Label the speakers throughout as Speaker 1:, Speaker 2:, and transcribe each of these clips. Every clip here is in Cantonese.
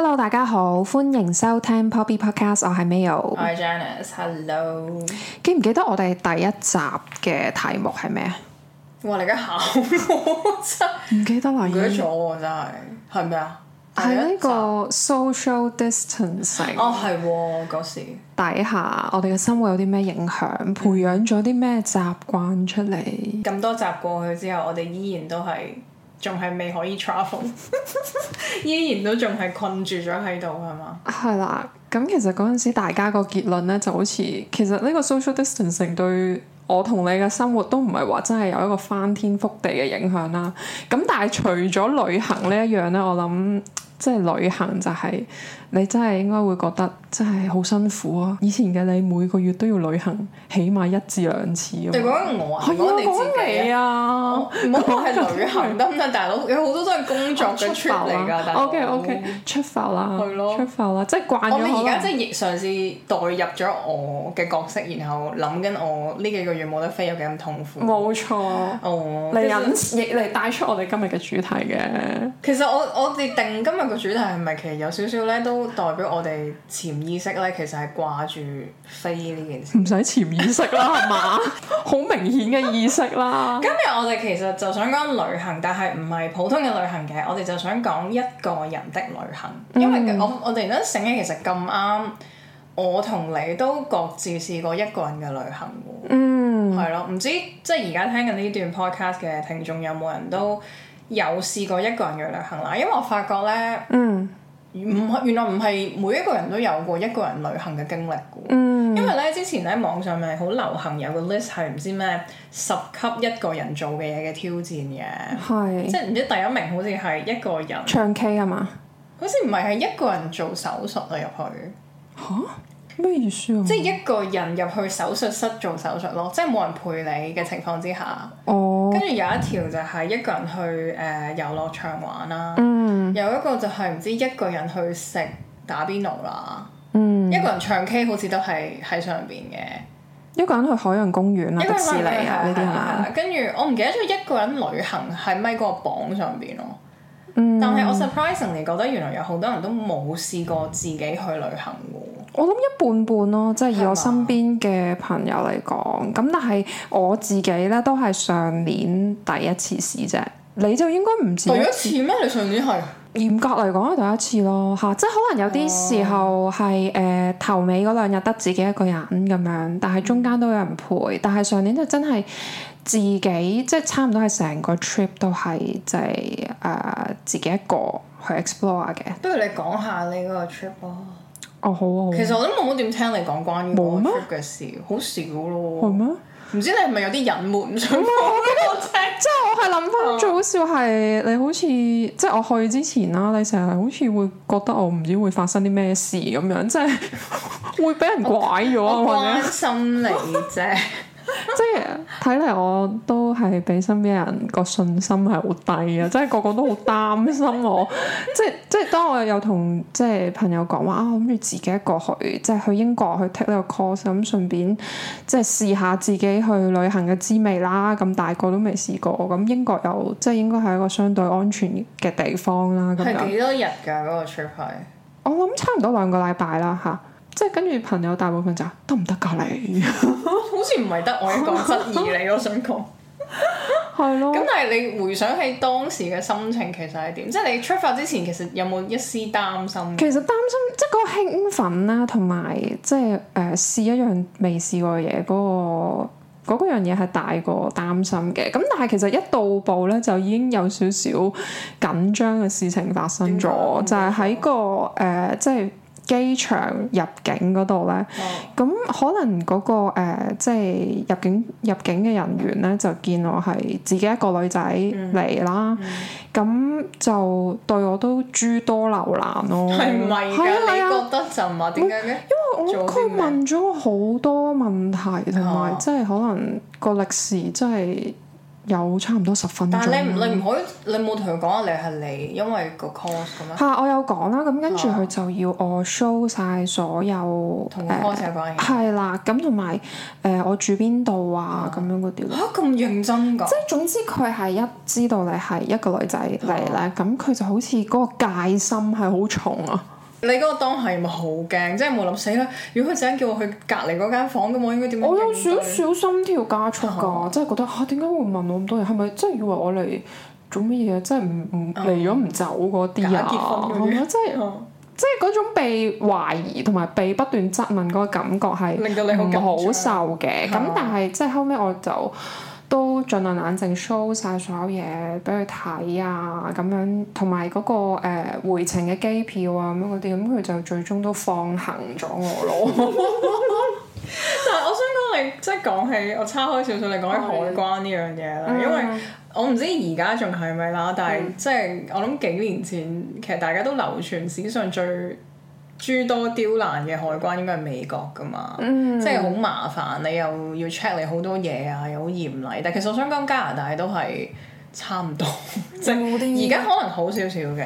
Speaker 1: Hello，大家好，歡迎收聽 Poppy Podcast，我係 Mayo，Hi
Speaker 2: Janice，Hello，
Speaker 1: 記唔記得我哋第一集嘅題目係咩啊？哋你而家考唔 真是 記得啦，我真
Speaker 2: 係係咩
Speaker 1: 啊？係呢個 social distancing 哦，
Speaker 2: 係嗰時
Speaker 1: 底下我哋嘅生活有啲咩影響，嗯、培養咗啲咩習慣出嚟？
Speaker 2: 咁多集過去之後，我哋依然都係。仲係未可以 travel， 依然都仲係困住咗喺度，係嘛？
Speaker 1: 係啦，咁其實嗰陣時大家個結論咧，就好似其實呢個 social distancing 對我同你嘅生活都唔係話真係有一個翻天覆地嘅影響啦。咁但係除咗旅行呢一樣咧，我諗即係旅行就係、是。你真係應該會覺得真係好辛苦啊！以前嘅你每個月都要旅行，起碼一至兩次。就講
Speaker 2: 我啊，我哋講你啊，唔好係旅行得唔得？大佬有好多都係工作嘅出嚟㗎。O K O K，
Speaker 1: 出發啦，出發啦，即係慣咗。而家即
Speaker 2: 係嘗試代入咗我嘅角色，然後諗緊我呢幾個月冇得飛，有幾咁痛苦。
Speaker 1: 冇錯。嚟引亦嚟帶出我哋今日嘅主題嘅。
Speaker 2: 其實我我哋定今日個主題係咪其實有少少咧都？都代表我哋潛意識咧，其實係掛住飛呢件
Speaker 1: 事。唔使潛意識啦，係嘛？ 好明顯嘅意識啦。
Speaker 2: 今日我哋其實就想講旅行，但係唔係普通嘅旅行嘅。我哋就想講一個人的旅行，因為我我突然間醒起，其實咁啱我同你都各自試過一個人嘅旅行。嗯，係咯。唔知即係而家聽緊呢段 podcast 嘅聽眾有冇人都有試過一個人嘅旅行啦？因為我發覺咧，嗯。唔係原來唔係每一個人都有過一個人旅行嘅經歷嘅。嗯、因為咧之前咧網上咪好流行有個 list 係唔知咩十級一個人做嘅嘢嘅挑戰嘅，
Speaker 1: 係是即係唔
Speaker 2: 知第一名好似係一個人
Speaker 1: 唱 K 吖嘛，
Speaker 2: 好似唔係，係一個人做手術啊，入去嚇。咩意思啊？即係一個人入去手術室做手術咯，即係冇人陪你嘅情況之下。哦。跟住有一條就係一個人去誒、呃、遊樂場玩啦。嗯。Mm. 有一個就係唔知一個人去食打邊爐啦。嗯。Mm. 一個人唱 K 好似都係喺上邊嘅。
Speaker 1: 一個人去海洋公園啦、啊、迪士尼啊呢啲啊。
Speaker 2: 跟住我唔記得咗一個人旅行係咪嗰個榜上邊咯。但係我 surprisingly 覺得原來有好多人都冇試過自己去旅行嘅。
Speaker 1: 我諗一半半咯，即係以我身邊嘅朋友嚟講，咁吧但係我自己咧都係上年第一次試啫。你就應該唔知第一次咩？你上年係？嚴格嚟講係第一次咯，嚇！即係可能有啲時候係誒、oh. 呃、頭尾嗰兩日得自己一個人咁樣，但係中間都有人陪。但係上年就真係。自己即係差唔多係成個 trip 都係就係誒自己一個去 explore 嘅。
Speaker 2: 不如你講下你嗰個 trip 囉。
Speaker 1: 哦好啊，好。其實我都
Speaker 2: 冇乜點聽你講關於 trip 嘅事，好少咯。係咩？唔知你係咪有啲隱瞞咗？即係我係
Speaker 1: 諗翻，最好笑係你好似即係我去之前啦，你成日好似會覺得我唔知會發生啲咩事咁樣，即係會俾人拐咗，關
Speaker 2: 心你啫。
Speaker 1: 即係睇嚟，我都係俾身邊人個信心係好低啊！ 即係個個都好擔心我。即係即係，當我有同即係朋友講話啊，諗住自己一個去，即係去英國去 take 呢個 course，咁、嗯、順便即係試下自己去旅行嘅滋味啦。咁大個都未試過，咁、嗯、英國又即係應該係一個相對安全嘅地方啦。咁幾
Speaker 2: 多日噶嗰個 trip 係？
Speaker 1: 我諗差唔多兩個禮拜啦，吓、啊。即係跟住朋友大部分就話，得唔得噶你？
Speaker 2: 好似唔係得，我一個質疑你，我想講
Speaker 1: 係咯。咁但係
Speaker 2: 你回想起當時嘅心情，其實係點？即係你出發之前，其實有冇一絲擔心？其
Speaker 1: 實擔心即係嗰個興奮啦，同埋即係誒試一樣未試過嘅嘢嗰、嗰個嗰嗰樣嘢係大過擔心嘅。咁但係其實一到步咧，就已經有少少緊張嘅事情發生咗，就係喺個誒、呃、即係。機場入境嗰度咧，咁、哦、可能嗰、嗰個即係、呃即係、入境入境嘅人員咧，就見我係自己一個女仔嚟啦，咁、嗯、就對我都諸多留難咯。
Speaker 2: 係咪㗎？啊啊、你覺得就唔係點解？為
Speaker 1: 因為我佢問咗好多問題，同埋即係可能個歷史真係。有差唔多十分鐘。但你唔你唔
Speaker 2: 可以，你冇同佢講你係你，因為個 course 咁樣。係、啊、
Speaker 1: 我有講啦，咁跟住佢就要我 show 晒所有同、啊呃、個 course 關係有關嘅。係、呃、啦，咁同埋誒我住邊度啊，咁、啊、樣嗰啲。嚇咁、啊、認真㗎！即係總之佢係一知道你係一個女仔嚟咧，咁佢、啊、就好似嗰個戒心係好重啊。
Speaker 2: 你嗰個當係咪好驚？即係冇諗死啦。如果佢想叫我去隔離嗰間房咁，我應該點？我有少少
Speaker 1: 心跳加速噶，真係、uh huh. 覺得嚇點解會問我咁多嘢？係咪即係以為我嚟做乜嘢？即係唔唔嚟咗唔走嗰啲啊！假結婚咁樣，真係嗰種被懷疑同埋被不斷質問嗰個感覺係令到你好唔好受嘅。咁、uh huh. 但係即係後尾我就。都盡量冷靜 show 晒所有嘢俾佢睇啊，咁樣同埋嗰個誒、呃、回程嘅機票啊咁樣嗰啲，咁佢就最終都放行咗我咯。 但
Speaker 2: 係我想講你，即係講起我差開少少你講起海關呢樣嘢啦，的因為我唔知而家仲係咪啦，但係、嗯、即係我諗幾年前，其實大家都流傳史上最。諸多刁難嘅海關應該係美國㗎嘛，mm hmm. 即係好麻煩，你又要 check 你好多嘢啊，又好嚴厲。但其實我想講加拿大都係差唔多，而家、mm hmm. 可能好少少嘅。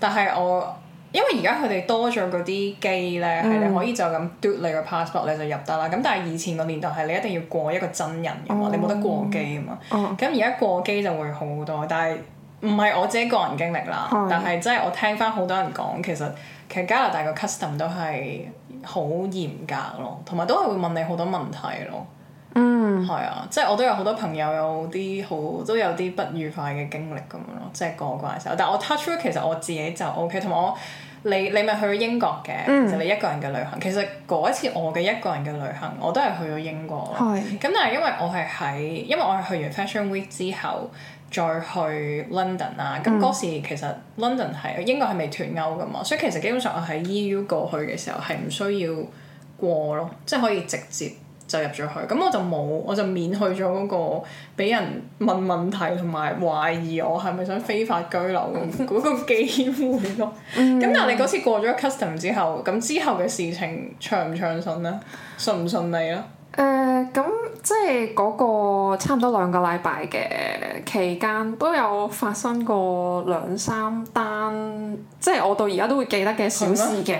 Speaker 2: 但係我因為而家佢哋多咗嗰啲機咧，係、mm hmm. 你可以就咁 do 你個 passport 你就入得啦。咁但係以前個年代係你一定要過一個真人㗎嘛，mm hmm. 你冇得過機㗎嘛。咁而家過機就會好好多，但係。唔係我自己個人經歷啦，是但係真係我聽翻好多人講，其實其實加拿大個 custom 都係好嚴格咯，同埋都會問你好多問題咯。嗯，係啊，即係我都有好多朋友有啲好都有啲不愉快嘅經歷咁樣咯，即係過關嘅時候。但係我 touch 其實我自己就 OK，同埋我你你咪去咗英國嘅，就、嗯、你一個人嘅旅行，其實嗰一次我嘅一個人嘅旅行，我都係去咗英國。係咁是，但係因為我係喺因為我係去完 fashion week 之後。再去 London 啊，咁嗰時其實 London 係英國係未脱歐㗎嘛，所以其實基本上我喺 EU 過去嘅時候係唔需要過咯，即係可以直接就入咗去。咁我就冇，我就免去咗嗰個俾人問問題同埋懷疑我係咪想非法居留嗰個機會咯。咁 但係你嗰次過咗 custom 之後，咁之後嘅事情暢唔暢順咧？順唔順利啊？
Speaker 1: 誒，咁即係嗰個差唔多兩個禮拜嘅期間都有發生過兩三單，即係我到而家都會記得嘅小事嘅，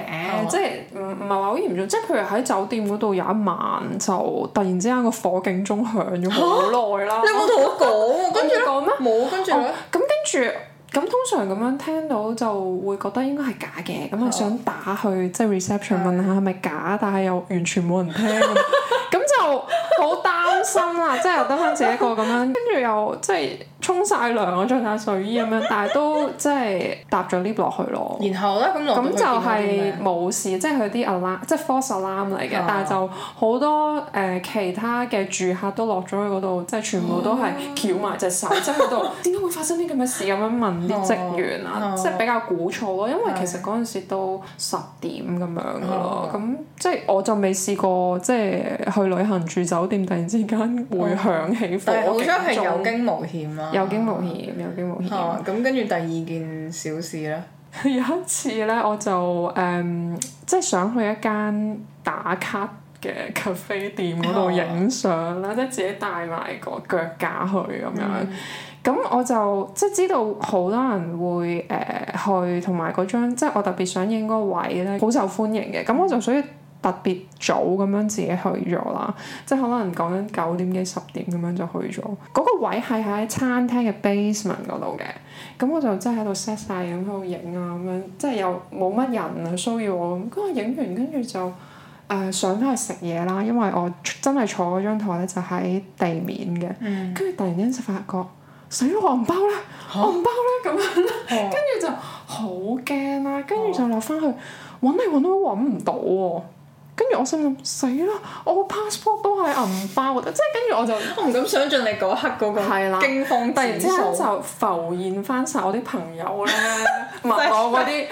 Speaker 1: 即係唔唔係話好嚴重，即係譬如喺酒店嗰度有一晚就突然之間個火警鐘響咗好耐啦。蛤啊、你有冇同我講喎、啊？我冇講咩？冇跟住咧。咁跟住。咁通常咁樣聽到就會覺得應該係假嘅，咁啊好想打去即係、就是、reception 問下係咪假， 但係又完全冇人聽，咁 就好大心啦，即係又得翻自己一個咁樣，跟住 又即係沖晒涼啊，着下睡衣咁樣，但係都即係搭咗 lift 落去咯。然後咧咁就係冇事，即係佢啲 alarm，即係 false alarm 嚟嘅，啊、但係就好多誒、呃、其他嘅住客都落咗去嗰度，即係全部都係翹埋隻手，即係喺度點解會發生啲咁嘅事咁樣問啲職員啊，啊即係比較古錯咯，因為其實嗰陣時都十點咁樣㗎咯，咁即係我就未試過即係去旅行住酒店突然之間，會響起火警鐘。有驚無險啦、啊。有驚無險，有驚無險。咁跟住第二件小事咧，有一次咧，我就誒、嗯，即係想去一間打卡嘅 cafe 店嗰度影相啦，嗯、即係自己帶埋個腳架去咁樣。咁、嗯、我就即係知道好多人會誒、呃、去，同埋嗰張即係我特別想影嗰位咧，好受歡迎嘅。咁我就所以，特別早咁樣自己去咗啦，即係可能講緊九點幾十點咁樣就去咗。嗰、那個位係喺餐廳嘅 basement 嗰度嘅，咁我就即係喺度 set 晒，咁喺度影啊咁樣，即係又冇乜人啊騷擾我咁。嗰個影完跟住就誒、呃、上翻去食嘢啦，因為我真係坐嗰張台咧就喺地面嘅，跟住、嗯、突然間就發覺，死，我唔包啦，我唔包啦咁樣啦，跟住就好驚啦，跟住就落翻去揾，嚟揾都揾唔到喎、啊。跟住我心諗死啦！我個 passport 都係銀包嘅，即係跟住我就我唔敢相信你嗰刻嗰個驚慌，突然之間就浮現翻晒我啲朋友咧
Speaker 2: 問我嗰啲，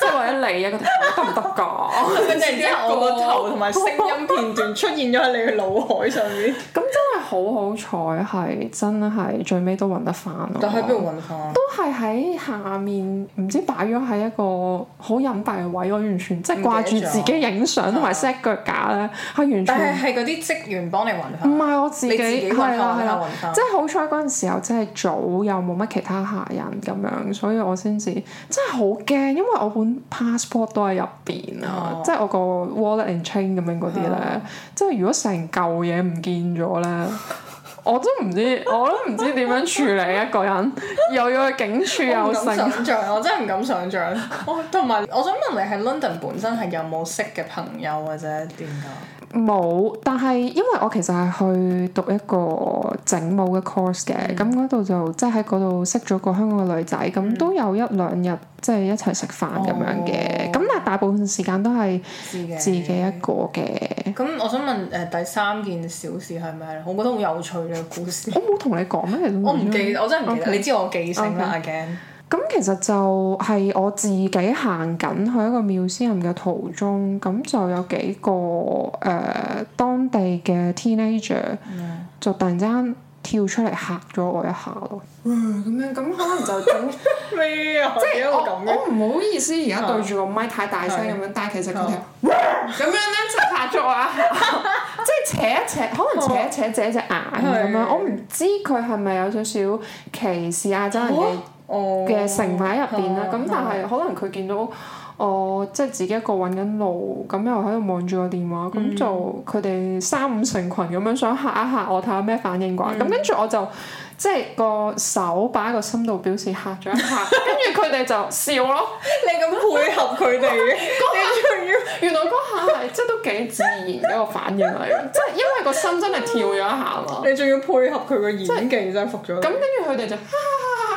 Speaker 2: 即
Speaker 1: 係或者你啊，得唔得噶？跟住然之後我個頭同埋聲音片段出現咗喺你
Speaker 2: 嘅腦海上面，
Speaker 1: 咁 真係好好彩，係真係最尾都揾得翻。但係邊度揾翻？都係喺下面，唔知擺咗喺一個好隱蔽嘅位，我完全即係掛住自己影相同埋。 set 腳架咧係完全，但係嗰啲職
Speaker 2: 員幫你揾翻，唔係我自己。係啦係啦，即係搭、就是、
Speaker 1: 好彩嗰陣時候即係早又冇乜其他客人咁樣，所以我先至真係好驚，因為我本 passport 都喺入邊啊。哦、即係我個 wallet and chain 咁樣嗰啲咧，即係、嗯、如果成嚿嘢唔見咗咧。我都唔知，我都唔知點樣處理一個人，又要去警署又成，
Speaker 2: 我我真係唔敢想像。同埋 我想問你係 London 本身係有冇識嘅朋友或者點噶？
Speaker 1: 冇，但係因為我其實係去讀一個整舞嘅 course 嘅，咁嗰度就即係喺嗰度識咗個香港嘅女仔，咁、嗯、都有一兩日即係一齊食飯咁樣嘅，咁、哦。大部分時間都係自己一個嘅。
Speaker 2: 咁、嗯、我想問誒、呃、第三件小事係咪？我覺得好有趣嘅故事。我
Speaker 1: 冇同你講咩？我唔記得，我真係唔記得。你知我記性啦 again 咁其實就係我自己行緊去一個妙先人嘅途中，咁就有幾個誒、呃、當地嘅 teenager、嗯、就突然之間。跳出嚟嚇咗我一下咯，咁、 嗯、樣咁可能就咁咩啊？ 有即係我我唔好意思，而家對住個咪太大聲咁樣， 但係其實佢哇咁樣咧就是、 樣呢發作啊！ 即係扯一扯，可能扯一扯自己隻眼咁 樣，我唔知佢係咪有少少歧視亞洲人
Speaker 2: 嘅嘅成分喺入邊啦。咁、嗯嗯、但係可
Speaker 1: 能佢見到。我即係自己一個揾緊路，咁又喺度望住個電話，咁就佢哋三五成群咁樣想嚇一嚇我睇下咩反應啩，咁跟住我就即係個手擺喺個心度表示嚇咗一下，跟住佢哋就笑咯。你咁配合佢哋，嗰樣 仲要 原來嗰下係真都幾自然嘅一個反應嚟，即係 因為個心真係跳咗一下嘛。你仲要配合佢個演技真係服咗。咁跟住佢哋就。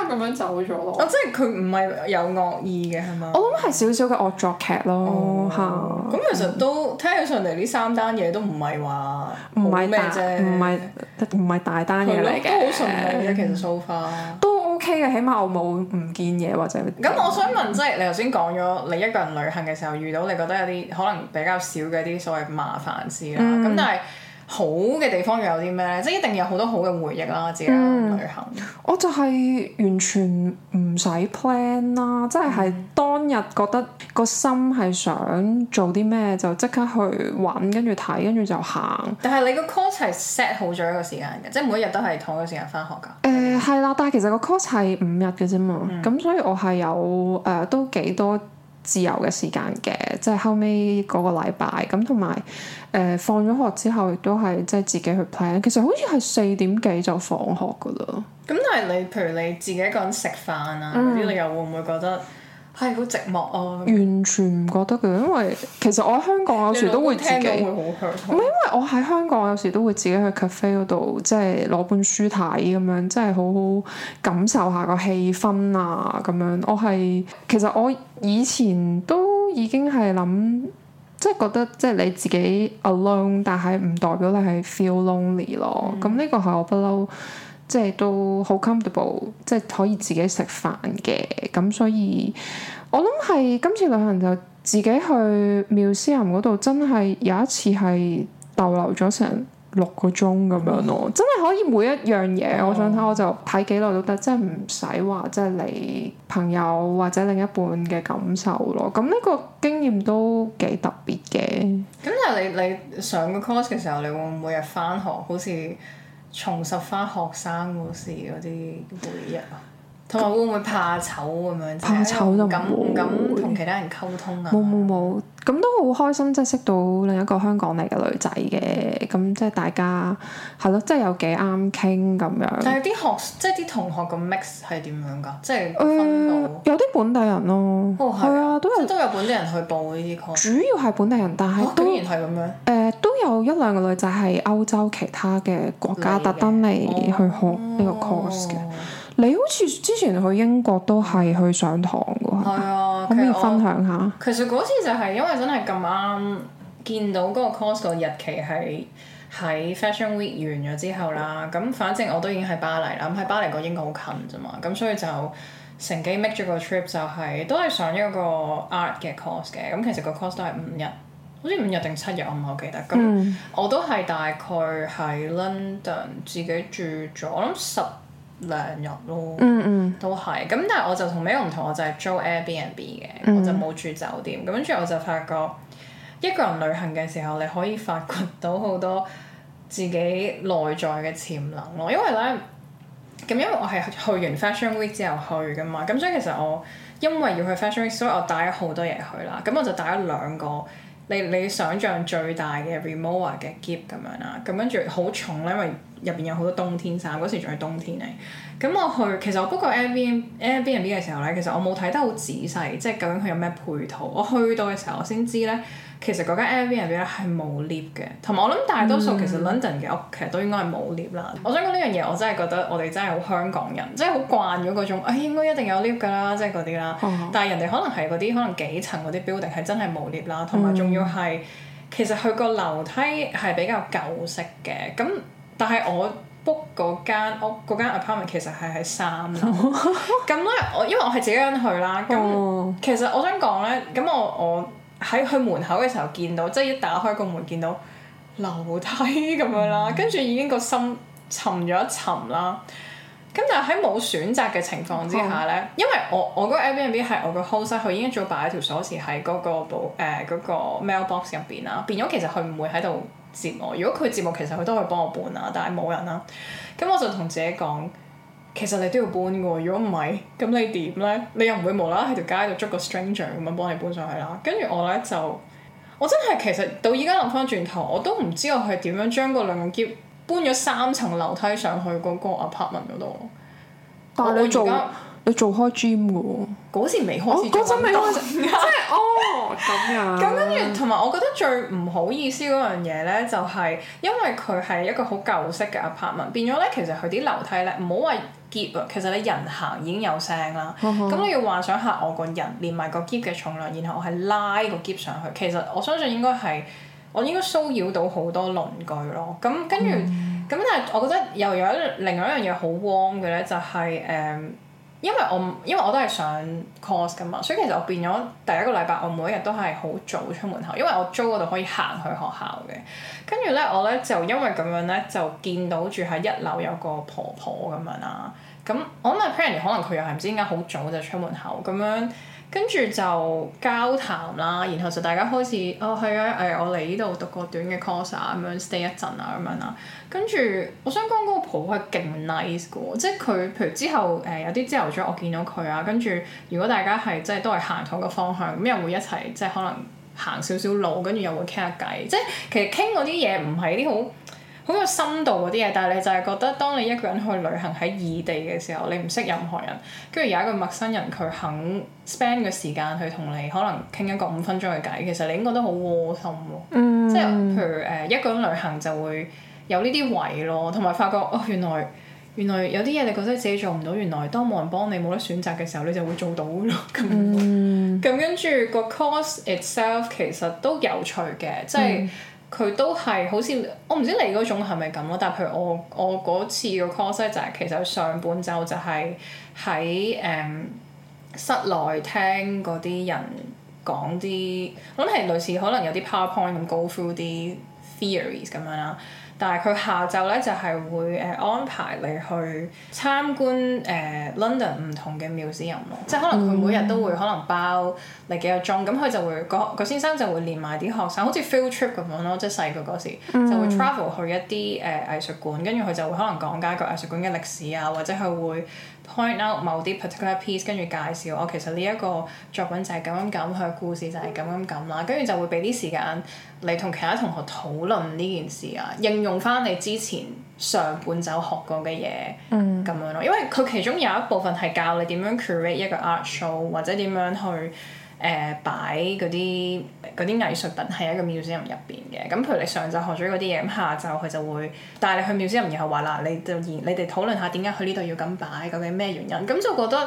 Speaker 1: 咁樣走咗咯。哦、啊，即係佢唔係有惡意嘅，係咪？我諗係少少嘅惡作劇咯。嚇、哦！咁、嗯、其實
Speaker 2: 都聽起上嚟呢三單嘢都唔係話
Speaker 1: 冇咩啫，唔係唔係大單嘢嚟嘅。都好順利嘅，其實 so far、嗯 so、都 OK 嘅，起碼我冇唔見嘢或者。咁我想問，即
Speaker 2: 係你頭先講咗你一個人旅行嘅時候遇到你覺得有啲可能比較少嘅一啲所謂麻煩事啦。咁、嗯、但係。好嘅地方又有啲咩咧？即係一定有好多好嘅回憶啦！自己旅行，嗯、
Speaker 1: 我就係完全唔使 plan 啦，嗯、即係當日覺得個心係想做啲咩就即刻去揾，跟住睇，跟住就行。但係你
Speaker 2: 個 course 係 set 好咗一個時間嘅，即係每一日都係同一個時間翻學
Speaker 1: 噶。誒、呃，係啦，但係其實個 course 係五日嘅啫嘛，咁、嗯、所以我係有誒、呃、都幾多自由嘅時間嘅，即係後尾嗰個禮拜咁，同埋誒、放咗學之後，亦都係即係自己去 plan。其實好似係四點幾就放學㗎喇。
Speaker 2: 咁但係你譬如你自己一個人食飯啊，嗰啲你又會唔會覺得？係好寂寞啊！完
Speaker 1: 全唔覺得嘅，因為其實我喺香港有時 都會自己會好唔係因為我喺香港有時都會自己去 cafe 度，即係攞本書睇咁樣，即係好好感受下個氣氛啊咁樣。我係其實我以前都已經係諗，即係覺得即係你自己 alone，但係唔代表你係 feel lonely 咯、嗯。咁呢個係我不嬲。即係都好 comfortable，即係可以自己食飯嘅，咁所以我諗係今次旅行就自己去妙思林嗰度，真係有一次係逗留咗成六個鐘咁樣咯，嗯、真係可以每一樣嘢，哦、我想睇我就睇幾耐都得，真係唔使話即係你朋友或者另一半嘅感受咯。咁呢個經驗都幾特別嘅。
Speaker 2: 咁就你你上個 course 嘅時候，你會唔會每日翻學好似？重拾翻學生嗰時，嗰啲回憶啊！同埋會唔會怕醜咁樣？怕醜就唔敢唔敢同其他人溝
Speaker 1: 通啊！冇冇冇，咁都好開心，即係識到另一個香港嚟嘅女仔嘅，咁、嗯、即係大家係咯，即係有幾啱傾咁樣。但係
Speaker 2: 啲學即係啲同學個 mix 係點樣㗎？即
Speaker 1: 係、呃、有啲本地人咯、啊，係、哦、啊，都有都有本地人去報呢啲 course。主要係本地人，但係都、哦、竟然係咁樣。誒、呃，都有一兩個女仔係歐洲其他嘅國家特登嚟去學呢個 course 嘅。哦。你好似之前去英國都係去上堂喎，啊、可以分享下其？
Speaker 2: 其實嗰次就係因為真係咁啱見到嗰個 course 個日期係喺 Fashion Week 完咗之後啦，咁反正我都已經喺巴黎啦，咁喺巴黎個英國好近啫嘛，咁所以就乘機 make 咗個 trip 就係、是、都係上一個 art 嘅 course 嘅，咁其實個 course 都係五日，好似五日定七日我唔係好記得，咁我都係大概喺 London 自己住咗，我諗十兩日咯，嗯嗯，都係。咁但係我就同美容唔同，我就係租 Airbnb 嘅，我就冇住酒店。咁跟住我就發覺一個人旅行嘅時候，你可以發掘到好多自己內在嘅潛能咯。因為咧，咁因為我係去完 Fashion Week 之後去㗎嘛，咁所以其實我因為要去 Fashion Week，所以我帶咗好多嘢去啦。咁我就帶咗兩個。你你想象最大嘅 remover 嘅 gift 咁樣啦，咁跟住好重咧，因為入邊有好多冬天衫，嗰時仲係冬天嚟。咁我去，其實我 book 過 Airbnb，Airbnb 嘅時候咧，其實我冇睇得好仔細，即係究竟佢有咩配套。我去到嘅時候我，我先知咧。其實嗰間 Airbnb 係冇 lift 嘅，同埋我諗大多數其實 London 嘅屋其實都應該係冇 lift 啦。嗯、我想講呢樣嘢，我真係覺得我哋真係好香港人，真係好慣咗嗰種，哎應該一定有 lift 㗎啦，即係嗰啲啦。嗯、但係人哋可能係嗰啲可能幾層嗰啲 building 係真係冇 lift 啦，同埋仲要係其實佢個樓梯係比較舊式嘅。咁但係我 book 嗰間屋嗰間 apartment 其實係喺三樓。咁咧， 我因為我係自己一個人去啦。咁其實我想講咧，咁我我。我我喺去門口嘅時候見到，即、就、係、是、一打開一個門見到樓梯咁樣啦，嗯、跟住已經個心沉咗一沉啦。咁但係喺冇選擇嘅情況之下咧，嗯、因為我我嗰個 Airbnb 係我個 host 佢已經仲要擺條鎖匙喺嗰個保嗰、呃嗰個 mailbox 入邊啦。變咗其實佢唔會喺度接我，如果佢接我，其實佢都可以幫我搬啊，但係冇人啦。咁我就同自己講。其實你都要搬嘅喎，如果唔係，咁你點咧？你又唔會無啦啦喺條街度捉個 stranger 咁樣幫你搬上去啦。跟住我咧就，我真係其實到依家諗翻轉頭，我都唔知道我係點樣將嗰兩用 k 搬咗三層樓梯上去嗰個 apartment 嗰度。但係你做
Speaker 1: 開，你做開 gym 嘅喎，
Speaker 2: 嗰時未開始、哦，嗰陣未開即係哦咁呀。咁跟住同埋， 我覺得最唔好意思嗰樣嘢咧，就係因為佢係一個好舊式嘅 apartment。變咗咧，其實佢啲樓梯咧，唔好話。喼啊，其實你人行已經有聲啦，咁、嗯、哼你要幻想下我個人連埋個喼嘅重量，然後我係拉個喼上去，其實我相信應該係我應該騷擾到好多鄰居咯。咁跟住，咁、嗯、但係我覺得又有另外一樣嘢好 warm 嘅咧、就是，就係誒。因為我因為我都係上 course 噶嘛，所以其實我變咗第一個禮拜，我每一日都係好早出門口，因為我租嗰度可以行去學校嘅。跟住咧，我咧就因為咁樣咧，就見到住喺一樓有個婆婆咁樣啦。咁、嗯、我咪 plan 可能佢又係唔知點解好早就出門口咁樣，跟住就交談啦，然後就大家開始哦係啊，誒、哎、我嚟呢度讀個短嘅 course 啊，咁樣 stay 一陣啊咁樣啦。跟住我想講嗰個婆係勁 nice 嘅，即係佢譬如之後誒、呃、有啲朝頭早我見到佢啊，跟住如果大家係即係都係行同一個方向，咁又會一齊即係可能行少少路，跟住又會傾下偈。即係其實傾嗰啲嘢唔係啲好。好有深度嗰啲嘢，但係你就係覺得，當你一個人去旅行喺異地嘅時候，你唔識任何人，跟住有一個陌生人佢肯 spend 嘅時間去同你，可能傾一個五分鐘嘅偈，其實你應該都好窩心喎。嗯，即係譬如，呃，一個人旅行就會有呢啲位咯，同埋發覺哦原來原來有啲嘢你覺得自己做唔到，原來當冇人幫你冇得選擇嘅時候，你就會做到咯。咁咁跟住個 course itself 其實都有趣嘅，即係。嗯。佢都係好似我唔知你嗰種係咪咁咯，但係譬如我我嗰次個 course 就係、是、其實上半週就係喺誒室內聽嗰啲人講啲，我諗係類似可能有啲 PowerPoint 咁 Go through 啲 theories 咁樣啦。但係佢下晝咧就係、是、會誒、呃、安排你去參觀誒 London 唔同嘅 museum、嗯、即係可能佢每日都會可能包你幾個鐘，咁佢就會個先生就會連埋啲學生，好似 field trip 咁樣咯，即係細個嗰時、嗯、就會 travel 去一啲誒、呃、藝術館，跟住佢就會可能講解一個藝術館嘅歷史啊，或者佢會，point out 某啲 particular piece，跟住介紹我、哦、其實呢一個作品就係咁樣咁，佢故事就係咁樣咁啦，跟住就會俾啲時間嚟同其他同學討論呢件事啊，應用翻你之前上半週學過嘅嘢，嗯、咁樣咯，因為佢其中有一部分係教你點樣 create 一個 art show 或者點樣去。誒、呃、擺嗰啲啲藝術品喺一個 museum 入邊嘅，咁譬如你上晝學咗啲嘢，咁下晝佢就會帶你去 museum，然後話嗱，你就你哋討論下點解去呢度要咁擺，究竟咩原因？咁就覺得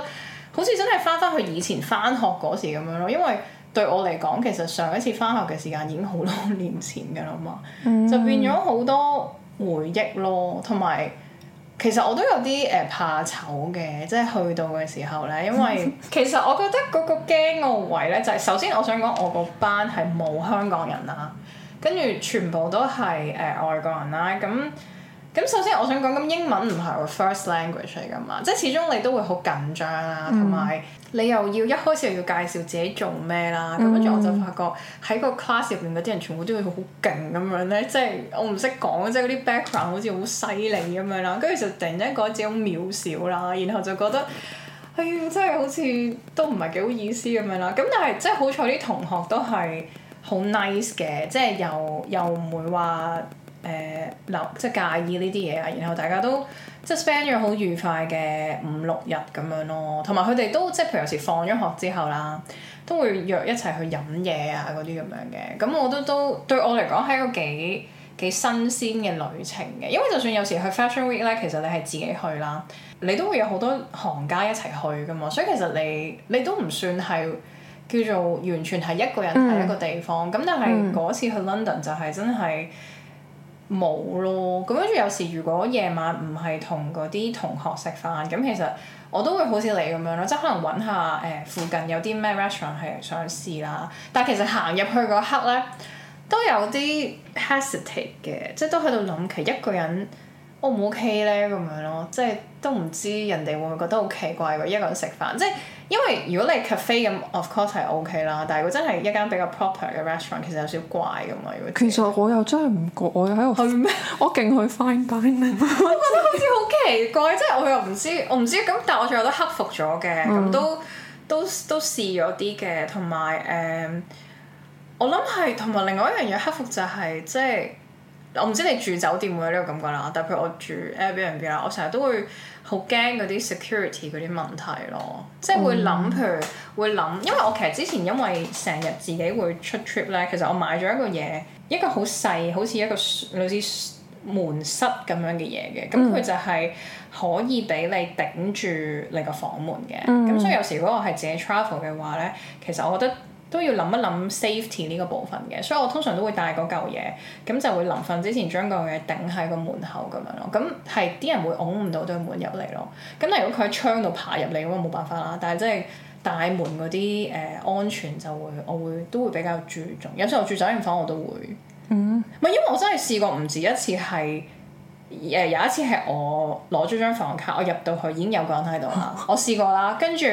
Speaker 2: 好似真係翻翻去以前翻學嗰時咁樣咯，因為對我嚟講，其實上一次翻學嘅時間已經好多年前㗎啦嘛，mm hmm. 就變咗好多回憶咯，同埋。其實我都有啲誒怕醜嘅，即係去到嘅時候咧，因為 其實我覺得嗰個驚個位咧，就係首先我想講我個班係冇香港人啦，跟住全部都係誒外國人啦，咁。咁首先我想講，咁英文唔係我 first language 嚟噶嘛，即始終你都會好緊張啦，同埋、嗯、你又要一開始又要介紹自己做咩啦，咁跟住我就發覺喺個 class 入面嗰啲人全部都會好勁咁樣咧，即係我唔識講，即係嗰啲 background 好似好犀利咁樣啦，跟住 就突然間覺得自己好渺小啦，然後就覺得，哎呀，真係好似都唔係幾好意思咁樣啦，咁但係即係好彩啲同學都係好 nice 嘅，即係又又唔會話。誒，嗱、呃，即係介意呢啲嘢啊，然後大家都即係 spend 咗好愉快嘅五六日咁樣咯，同埋佢哋都即係譬如有時放咗學之後啦，都會約一齊去飲嘢啊嗰啲咁樣嘅，咁我都都對我嚟講係一個幾幾新鮮嘅旅程嘅，因為就算有時去 Fashion Week 咧，其實你係自己去啦，你都會有好多行家一齊去噶嘛，所以其實你你都唔算係叫做完全係一個人喺一個地方，咁、mm. 但係嗰次去 London 就係真係。冇咯，咁跟住有時如果夜晚唔係同嗰啲同學食飯，咁其實我都會好似你咁樣咯，即係可能搵下誒、呃、附近有啲咩 restaurant 係想試啦。但係其實行入去嗰刻咧，都有啲 hesitate 嘅，即係都喺度諗，其實一個人。O 唔 O K 咧，咁樣咯，即係都唔知人哋會唔會覺得好奇怪喎，一個人食飯。即係因為如果你係 cafe 咁，of course 係 O K 啦。但係如果真係一間比較 proper 嘅 restaurant，其實有少少怪咁啊。
Speaker 1: 其實我又真係唔覺，我又喺度去咩？我勁去 fine dining，
Speaker 2: 我覺得好似好奇怪。 即係我又唔知，我唔知咁，但係我最後都克服咗嘅。咁都、嗯、都都，都試咗啲嘅，同埋誒，我諗係同埋另外一樣嘢克服就係、是、即係。我唔知你住酒店會有呢個感覺啦，但譬如我住 Airbnb 啦，我成日都會好驚嗰啲 security 嗰啲問題咯，即係會諗，譬如會諗，因為我其實之前因為成日自己會出 trip 咧，其實我買咗一個嘢，一個好細，好似一個類似門塞咁樣嘅嘢嘅，咁佢就係可以俾你頂住你個房門嘅，咁、嗯、所以有時如果我係自己 travel 嘅話咧，其實我覺得，都要諗一諗 safety 呢個部分嘅，所以我通常都會帶嗰嚿嘢，咁就會臨瞓之前將嗰嘢頂喺個門口咁樣咯。咁係啲人會㧬唔到對門入嚟咯。咁如果佢喺窗度爬入嚟，咁就冇辦法啦。但係真係大門嗰啲誒安全就會，我會都會比較注重。有時候住酒店房我都會，唔係、嗯、因為我真係試過唔止一次係。誒有一次係我攞咗張房卡，我入到去已經有個人喺度啦。我試過啦，跟住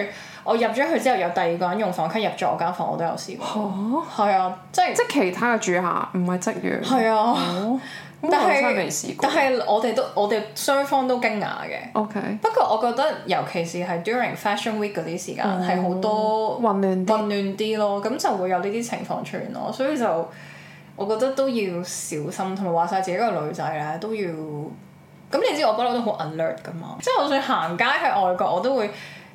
Speaker 2: 我入咗去之後，有第二個人用房卡入咗我間房，我都有試過。
Speaker 1: 嚇、哦！係啊，即即其他嘅住客唔係職員。係啊，哦、
Speaker 2: 但係未試過但係我哋都我哋雙方都驚訝嘅。OK，不過我覺得尤其是係 during fashion week 嗰啲時間係好、嗯、多混亂混亂啲咯，咁就會有呢啲情況出現咯，所以就。我覺得都要小心，同埋話晒自己一個女仔咧都要。咁你知我覺得我都好 alert 㗎嘛，即係、嗯、我算行街去外國我都會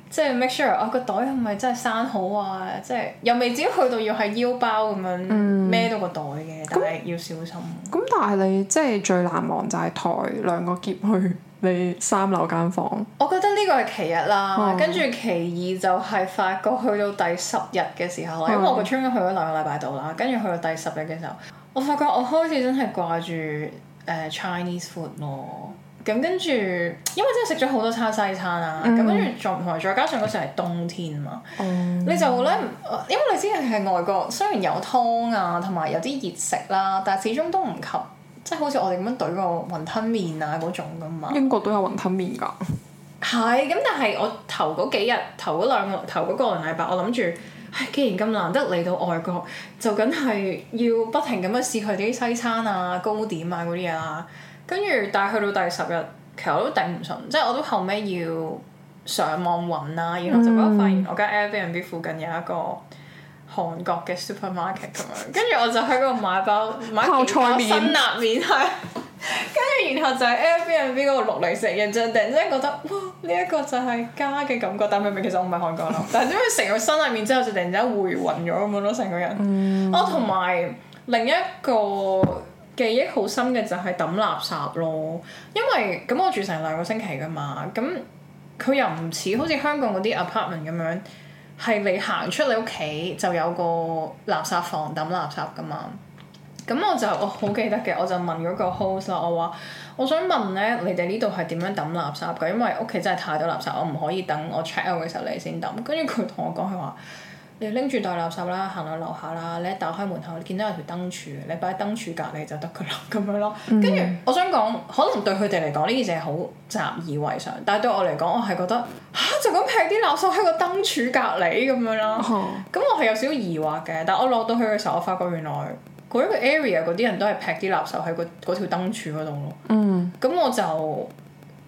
Speaker 2: 即係、就是、make sure 啊、哦、個袋係咪真係生好啊，即、就、係、是、又未至於去到要係腰包咁樣孭到個袋嘅，嗯、但係要小心。
Speaker 1: 咁、嗯、但係你即係最難忘就係抬兩個喼去。你三樓間房，
Speaker 2: 我覺得呢個係其一啦。跟住、嗯、其二就係發覺去到第十日嘅時候啦，嗯、因為我個春去咗兩個禮拜度啦，跟住去到第十日嘅時候，我發覺我開始真係掛住誒、呃、Chinese food 咯。咁跟住，因為真係食咗好多餐西餐啊。咁跟住，仲同埋再加上嗰時係冬天嘛，嗯、你就咧，嗯、因為你知係外國，雖然有湯啊，同埋有啲熱食啦、啊，但係始終都唔及。即係好似我哋咁樣懟個雲吞麵啊嗰種咁嘛，英
Speaker 1: 國都有雲吞麵㗎。
Speaker 2: 係咁， 但係我頭嗰幾日、頭嗰兩個、頭嗰個禮拜，我諗住，唉，既然咁難得嚟到外國，就梗係要不停咁樣試佢哋啲西餐啊、糕點啊嗰啲嘢啦。跟住、啊，但係去到第十日，其實我都頂唔順，即係我都後尾要上網揾啦，嗯、然後就覺得發現我間 Airbnb 附近有一個韓國嘅 supermarket 咁樣，跟住 我就喺嗰度買包買件嗰辛辣麵，跟住 然後就喺 Airbnb 嗰度落嚟食，日就突然之間覺得，哇，呢一個就係家嘅感覺，但係明明其實我唔係韓國佬， 但係點解食咗辛辣麵之後就突然之間回魂咗咁樣咯成個人？我同埋另一個記憶好深嘅就係抌垃圾咯，因為咁我住成兩個星期㗎嘛，咁佢又唔似好似香港嗰啲 apartment 咁樣。係你行出你屋企就有個垃圾房抌垃圾㗎嘛，咁我就我好記得嘅，我就問嗰個 host 啦，我話我想問咧，你哋呢度係點樣抌垃圾嘅？因為屋企真係太多垃圾，我唔可以等我 check out 嘅時候你先抌。跟住佢同我講佢話。你拎住袋垃圾啦，行到樓，樓下啦，你一打開門口，你見到有條燈柱，你擺燈柱隔離就得噶啦，咁樣咯。
Speaker 1: 跟住，
Speaker 2: 我想講，可能對佢哋嚟講，呢件事係好習以為常，但係對我嚟講，我係覺得吓，就咁劈啲垃圾喺個燈柱隔離咁樣啦。咁、oh. 我係有少少疑惑嘅，但係我落到去嘅時候，我發覺原來嗰一個 area 嗰啲人都係劈啲垃圾喺個嗰條燈柱嗰度咯。咁、mm. 我就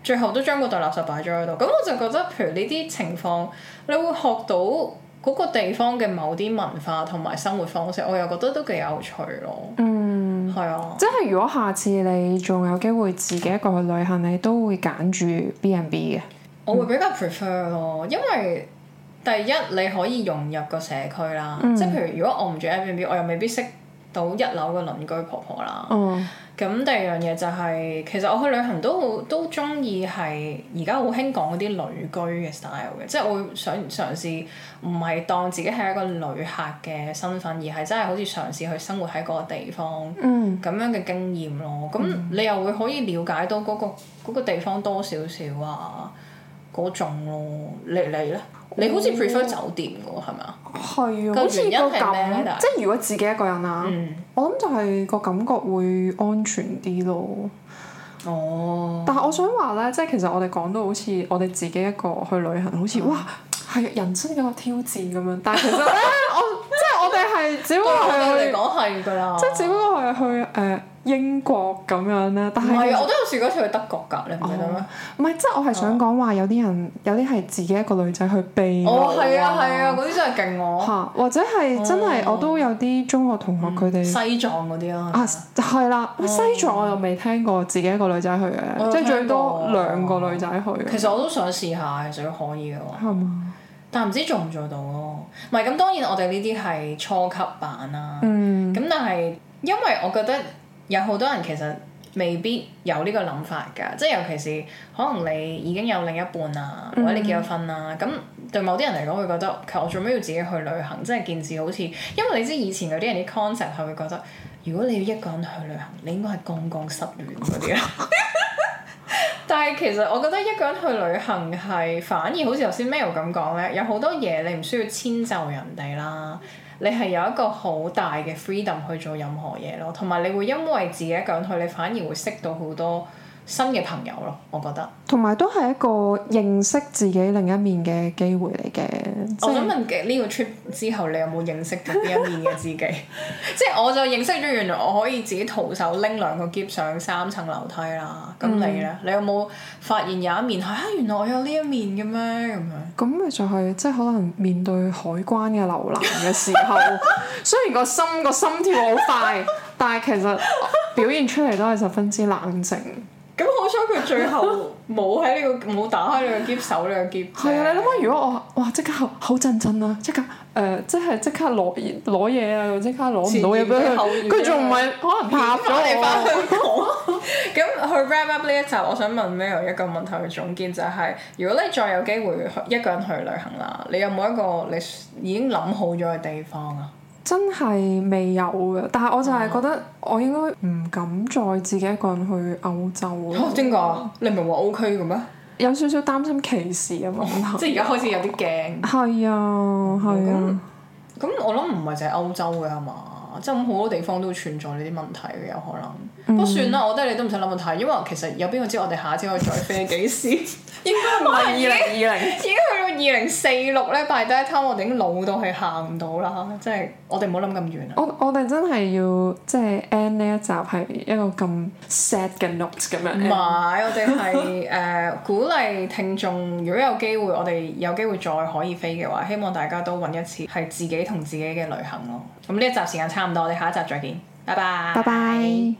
Speaker 2: 最後都將個袋垃圾擺咗喺度，咁我就覺得譬如呢啲情況，你會學到。嗰個地方嘅某啲文化同埋生活方式，我又覺得都幾有趣咯。嗯，
Speaker 1: 係啊。即係如果下次你仲有機會自己一個去旅行，你都會揀住 B and B 嘅。
Speaker 2: 我會比較 prefer 咯，嗯、因為第一你可以融入個社區啦。嗯、即係譬如，如果我唔住 B and B，我又未必識到一樓嘅鄰居婆婆啦，咁、oh. 第二樣嘢就係、是，其實我去旅行都好都中意係而家好興講嗰啲旅居嘅 style 嘅，即、就、係、是、我會想嘗試，唔係當自己係一個旅客嘅身份，而係真係好似嘗試去生活喺嗰個地方，咁樣嘅經驗咯。咁、mm. 你又會可以了解到嗰、那個嗰、那個地方多少少啊。嗰種咯，你你咧，oh. 你好似 prefer 酒店
Speaker 1: 嘅喎，係咪啊？係啊，好似原因係咩啊？即係如果自己一個人啊，嗯、我諗就係個感覺會安全啲咯。哦，oh. 但係我想話咧，即係其實我哋講到好似我哋自己一個去旅行，好似、uh. 哇係人生一個挑戰咁樣，但係其實咧， 我即係我哋係只不過係我哋講係㗎啦，即係只不過係去誒。英國咁樣咧，但係我都有
Speaker 2: 試過一次去德國㗎，你唔記得咩？
Speaker 1: 唔係，即係我係想講話有啲人，有啲係自己一個女仔去避。哦，係啊，係啊，嗰啲
Speaker 2: 真係勁喎！
Speaker 1: 或者係真係我都有啲中學同學佢哋西藏嗰啲啦。啊，係啦，西藏我又未聽過，自己一個女仔去嘅，即係最多兩個女仔去。其實我
Speaker 2: 都想試下，其實可以嘅喎。係嘛？但係唔知做唔做到咯？唔係咁，當然我哋呢啲係初級版啦。嗯。咁但係因為我覺得。有好多人其實未必有呢個諗法㗎，即係尤其是可能你已經有另一半、嗯、啊，或者你結咗婚啦，咁對某啲人嚟講，會覺得其實我做咩要自己去旅行，即係見自己好似因為你知以前嗰啲人啲 concept 係會覺得，如果你要一個人去旅行，你應該係剛剛失戀嗰啲啦。 但係其實我覺得一個人去旅行係反而好似頭先 mail 咁講咧，有好多嘢你唔需要遷就人哋啦。你係有一個好大嘅 freedom 去做任何嘢咯，同埋你會因為自己一個人去，你反而會識到好多新嘅朋友咯，我覺得，
Speaker 1: 同埋都係一個認識自己另一面嘅機會嚟嘅。即我想問
Speaker 2: 呢、呢個 trip 之後，你有冇認識到呢一面嘅自己？ 即係我就認識咗，原來我可以自己徒手拎兩個篋上三層樓梯啦。咁、嗯、你呢？你有冇發現有一面係、啊？原
Speaker 1: 來我有呢一面嘅咩咁樣？咁咪 就係即係可能面對海關嘅留難嘅時候， 雖然個心個心跳好快， 但係其實表現出嚟都係十分之冷靜。
Speaker 2: 咁好彩佢最後冇喺呢個冇 打開呢個喼手，呢個喼係啊！你諗下，
Speaker 1: 如果我哇即刻好震震啊！即刻誒，即係即刻攞攞嘢啊！即刻攞唔到嘢俾佢，佢仲唔係可能拍咗你翻香港？咁 去
Speaker 2: wrap up 呢一集，我想問呢一個問題嘅總結就係、是：如果你再有機會一個人去旅行啦，你有冇一個你已經諗好咗嘅地方啊？
Speaker 1: 真係未有嘅，但係我就係覺得我應該唔敢再自己一個人去歐洲咯。OK、點解？你唔係話 O K 嘅咩？有少少擔心歧視啊嘛、哦，即係而家開始有
Speaker 2: 啲驚。
Speaker 1: 係啊，係啊。
Speaker 2: 咁、啊、我諗唔係淨係歐洲嘅係嘛。即係好多地方都存在呢啲問題嘅，有可能。都、嗯、算啦，我覺得你都唔使諗問題，因為其實有邊個知我哋下次可以再飛幾時？ 應該唔係二零二零，已經去到二零四六咧。拜第一胎，我哋已經老到係行唔到啦，即係我哋唔好諗咁遠。
Speaker 1: 我我哋真係要即係 end 呢一集係一個咁 sad 嘅 notes 咁樣。 唔、呃、係，我哋
Speaker 2: 係誒鼓勵聽眾，如果有機會，我哋有機會再可以飛嘅話，希望大家都揾一次係自己同自己嘅旅行咯。咁呢一集時間差唔多，我哋下一集再見，拜拜。
Speaker 1: 拜拜。